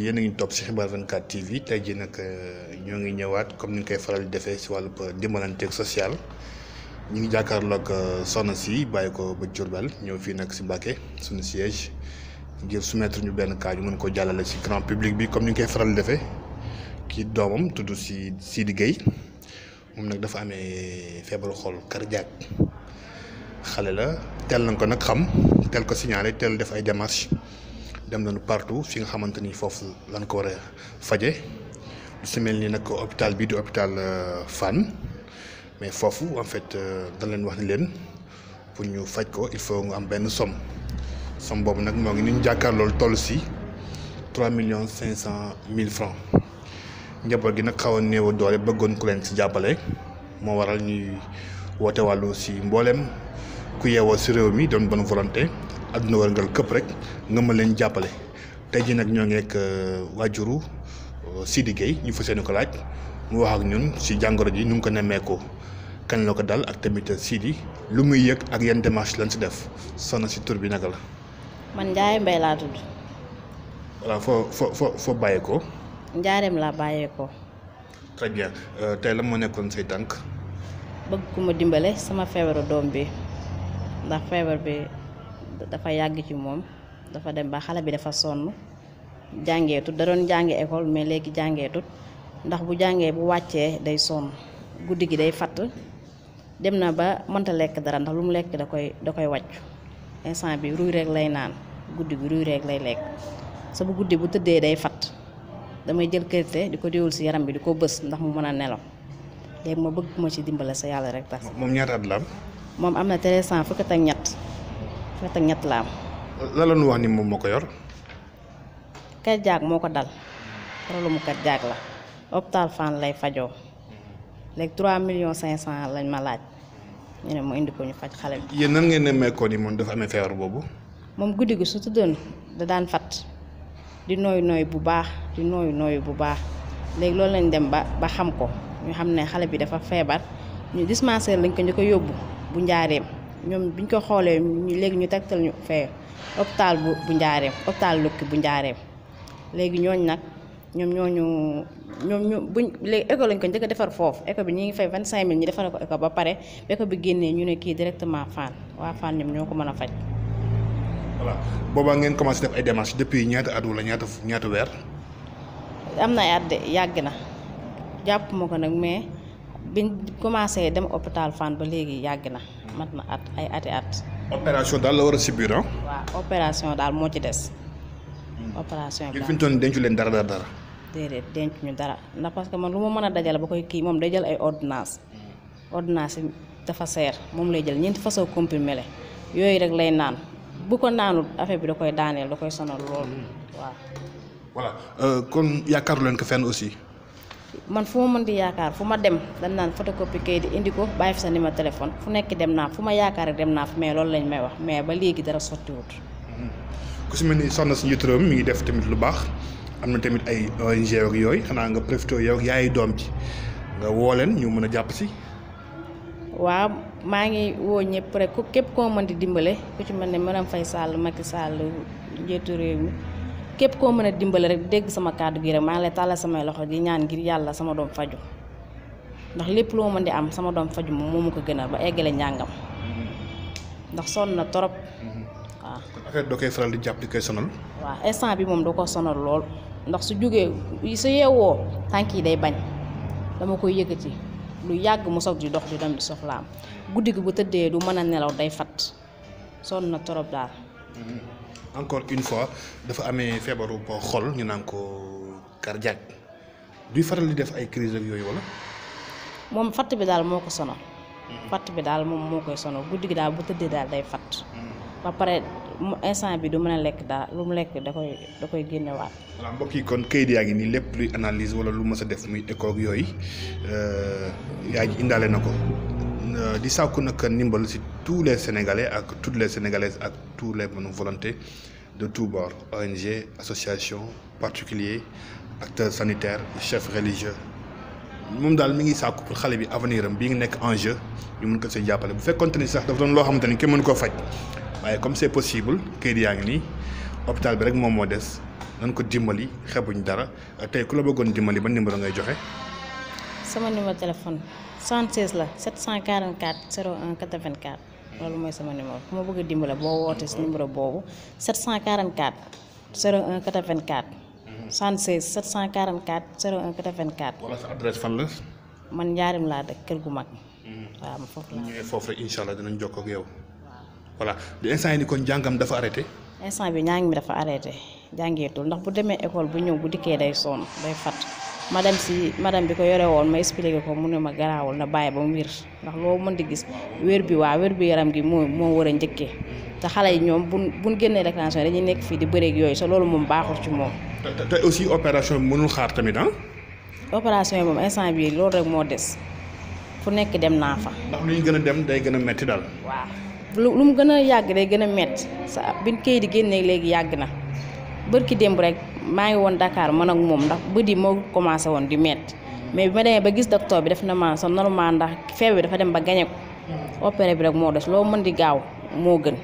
yéen a ngi topp ci xibaar 24 TV tey jii nag euh, ñoo ngi ñëwaat comme ni nga koy faral di defee ci wàllub euh, dimbalanteeg social ñu ngi jàkkaarloog euh, soxna si bàyyi ko ba Diourbel ñëw fii nag ci Mbacké suñu siège ngir soumettre ñu benn cas ñu mën ko jàllale ci grand public bi comme ni ñu koy faral defee kii doomam tudd ci Sidi Gueye moom nag dafa amee feebaru xol cardiaque xale la teel nañ ko nag xam teel ko signalé teel def ay démarches dem nañu partout fi nga xamante ni foofu lañ ko war a faje lu si mel ni nag hôpital bii di hôpital euh, Fann mais foofu en fait euh, dañ leen wax ni leen pour ñu faj ko il faut nga am benn somme somme boobu nag moo ngi ni ñu jàkkaar loolu toll si trois millions cinq cent mille francs njaboot gi nag xaw a néew doole bëggoon ku leen si jàppale moo waral ñuy woote wàllu si mbooleem ku yeewoo si réew mi doon bonne volonté àdduna wërngal këpp rek nga mën leen jàppale tey jii nag ñoo ngi nekk euh, waajuru euh, Sidi Gueye ñu fas seeni ko laaj mu wax ak ñun si jàngoro ji nu mu ko nemmeekoo kenn la ko dal ak tamit Sidi lu muy yëg ak yan démarche lañ si def soxna si tur bi naka la. man Ndiaye Mbaye laa tudd. voilà foo foo foo foo bàyyi ko. njaareem laa bàyyeekoo. très bien euh, la moo nekkoon say tànk. bëgg ku ma dimbale sama feebaru doom bi ndax feebar bi dafa yàgg ci moom dafa dem ba xale bi dafa sonn jàngeetut da doon jàngi école mais léegi jàngeetut ndax bu jàngee bu wàccee day sonn guddi gi day fatt dem na ba mënta lekk dara ndax lu mu lekk da koy da koy wàccu instant bi ruy rek lay naan guddi bi ruy rek lay lekk sa bu guddi bu tëddee day fatt damay jël karité di ko diwul si yaram bi di ko bës ndax mu mën a nelaw léegi ma bëgg ma ci dimbale sa yàlla rek tax. moom ñaata at la am. moom am na treize ans fukk ak ñett ñett la am. lan la ñu wax ni moom moo ko yor. cardiaque moo ko dal problème mu cardiaque la hôpital Fann lay fajoo léegi 3 millions 500 lañ ma laaj ñu ne mu indi ko ñu faj xale bi. yéen nan ngeen nemmeekoo ni moom dafa amee feebar boobu. moom guddi gi su tëddoon da daan fat di nooyu nooy bu baax di nooyu nooyu bu baax léegi loolu lañ dem ba ba xam ko ñu xam ne xale bi dafa feebar ñu dispensaire lañ ko njëkk a yóbbu bu njaareem ñoom biñ ko xoolee ñu léegi ñu tegtal ñu fee hôpital bu bu njaareem hôpital lukki bu njaareem léegi ñooñ nag ñoom ñooñu ñoom ñu buñ léegi éco lañ ko njëkk a defar foofu éco bi ñu ngi fay 25000 ñu defar ko éco ba pare éco bi génnee ñu ne kii directement Fann waa Fann ñoom ñoo ko mën a faj voilà boobaa ngeen commencé def ay démarches depuis ñaata at wala ñaata ñaata weer. am na ay at yàgg na jàpp ma ko nag mais biñ commencé dem hôpital Fann ba léegi yàgg na mat na at ay ati at. opération daal la war a subir ah? opération daal moo ci des. Hmm. opération bi daal fi ñu toll dencu leen dara dara dara. déedéet denc ñu dara ndax parce que man lu ma mën a dajale ba koy kii moom day jël ay ordonnance hmm. ordonnance yi dafa seer moom lay jël ñeenti façon comprimé la yooyu rek lay naan bu ko naanul affaire bi da koy daaneel da koy sonal lool mm-hmm. waaw. voilà euh, kon yaakaaru leen ko fenn aussi. man fu ma mën di yaakaar fu ma dem dañ naan photocopie kayit di indi ko bàyyi fi sa numéro téléphone fu nekk dem naa fu ma yaakaar dem naa mais loolu lañ may wax mais ba léegi dara sottiwut. Mm-hmm. ku si mel ni soxna si njiitu réew mi ngi def tamit lu baax am na tamit ay ONG yooyu xanaa nga profité yow ak yaayu doom ji nga woo leen ñu mën a jàpp si. waaw maa ngi woo ñëpp rek ku képp koo mën di dimbale ku ci mel ne Maram fay Sall Macky Sall njiitu réew mi képp koo mën a dimbale rek dégg sama kàddu gi rek maa ngi lay tàllal samay loxo di ñaan ngir yàlla sama doom faju ndax lépp loo mën di am sama doom faju moom moo ma ko gënal ba eggale njàngam ndax sonn na torop waaw. affaire da koy faral di jàpp di koy sonal. waaw instant bi moom doo koo sonal lool ndax su jógee su yeewoo tànk yi day bañ dama koy yëkkati. lu yàgg mu soog di dox di dem di soxlaam guddi gi bu tëddee du mën a nelaw day fat sonn na trop daal. Mm-hmm. encore une fois dafa amee feebaru boo xol ñu naan ko cardiaque duy faral di def ay crise yooyu wala. moom fatt bi daal moo ko sonal. Mm-hmm. fatt bi daal moom moo koy sonal guddi gi daal bu tëddee daal day fat mm-hmm. ba pare mu instant bi du mën a lekk daal lu mu lekk da koy da koy génnewaat. voilà mbokk yi kon kayit yaa ngi nii lépp luy analyse wala lu mës a def muy écho yooyu euh, yaa ngi indaale na ko euh, di sàkku nag ndimbal si tous les sénégalais ak toutes les sénégalaises ak tous les bonnes volontés de tous bords ONG association particulier acteurs sanitaires chefs religieux. moom daal mu ngi sàkku pour xale bi avenir am bii nga nekk en jeu ñu ko see jàppale bu fekkonte ni sax dafa doon loo xamante ni kenn mënu koo faj. waaye comme c'est possible kayit yaa ngi nii hôpital bi rek moom moo des nan ko dimbali xebuñ dara tey ku la bëggoon dimbali ba numéro ngay joxe. sama numéro téléphone 76 la 744 01 84 loolu mooy sama numéro ku ma bëgg a dimbale boo wootee si numéro boobu 744 01 84. 76 744 01 84. wala sa adresse man njaarim laa dëkk kër gu mag. Hmm. waaw ma foofu laa. ñëwee allah dinañ jokkoo ak yow. voilà instant yi ni kon jàngam dafa arrêté. instant bi ñaa mi dafa arrêté jàngeetul ndax bu demee école bu ñëw bu dikkee day sonn day fat madame si madame bi ko yore woon ma expliqué ko mun ne ma garaawul na bàyyi ba mu ndax loo mën di gis wér bi waa wér bi yaram gi moo moo war a njëkkee te xale yi ñoom buñ buñ génnee récréation dañuy nekk fii di bëreek yooyu sa loolu moom baaxul ci moom. te aussi opération bi mënul xaar tamit ah. opération yi moom instant bii loolu moo des fu nekk dem naa fa. ndax lu ñu gën a dem day gën a metti daal. lu mu gën a yàgg day gën a métti sa bi kayit di génne léegi yàgg na bërki démb rek maa ngi woon Dakar man ak moom ndax bët yi moo commencé woon di métti mais bi ma demee ba gis docteur bi def na maan sa normal ndax feebar bi dafa dem ba gañe ko hmm. opéré bi rek moo des loo mën di gaaw moo gën.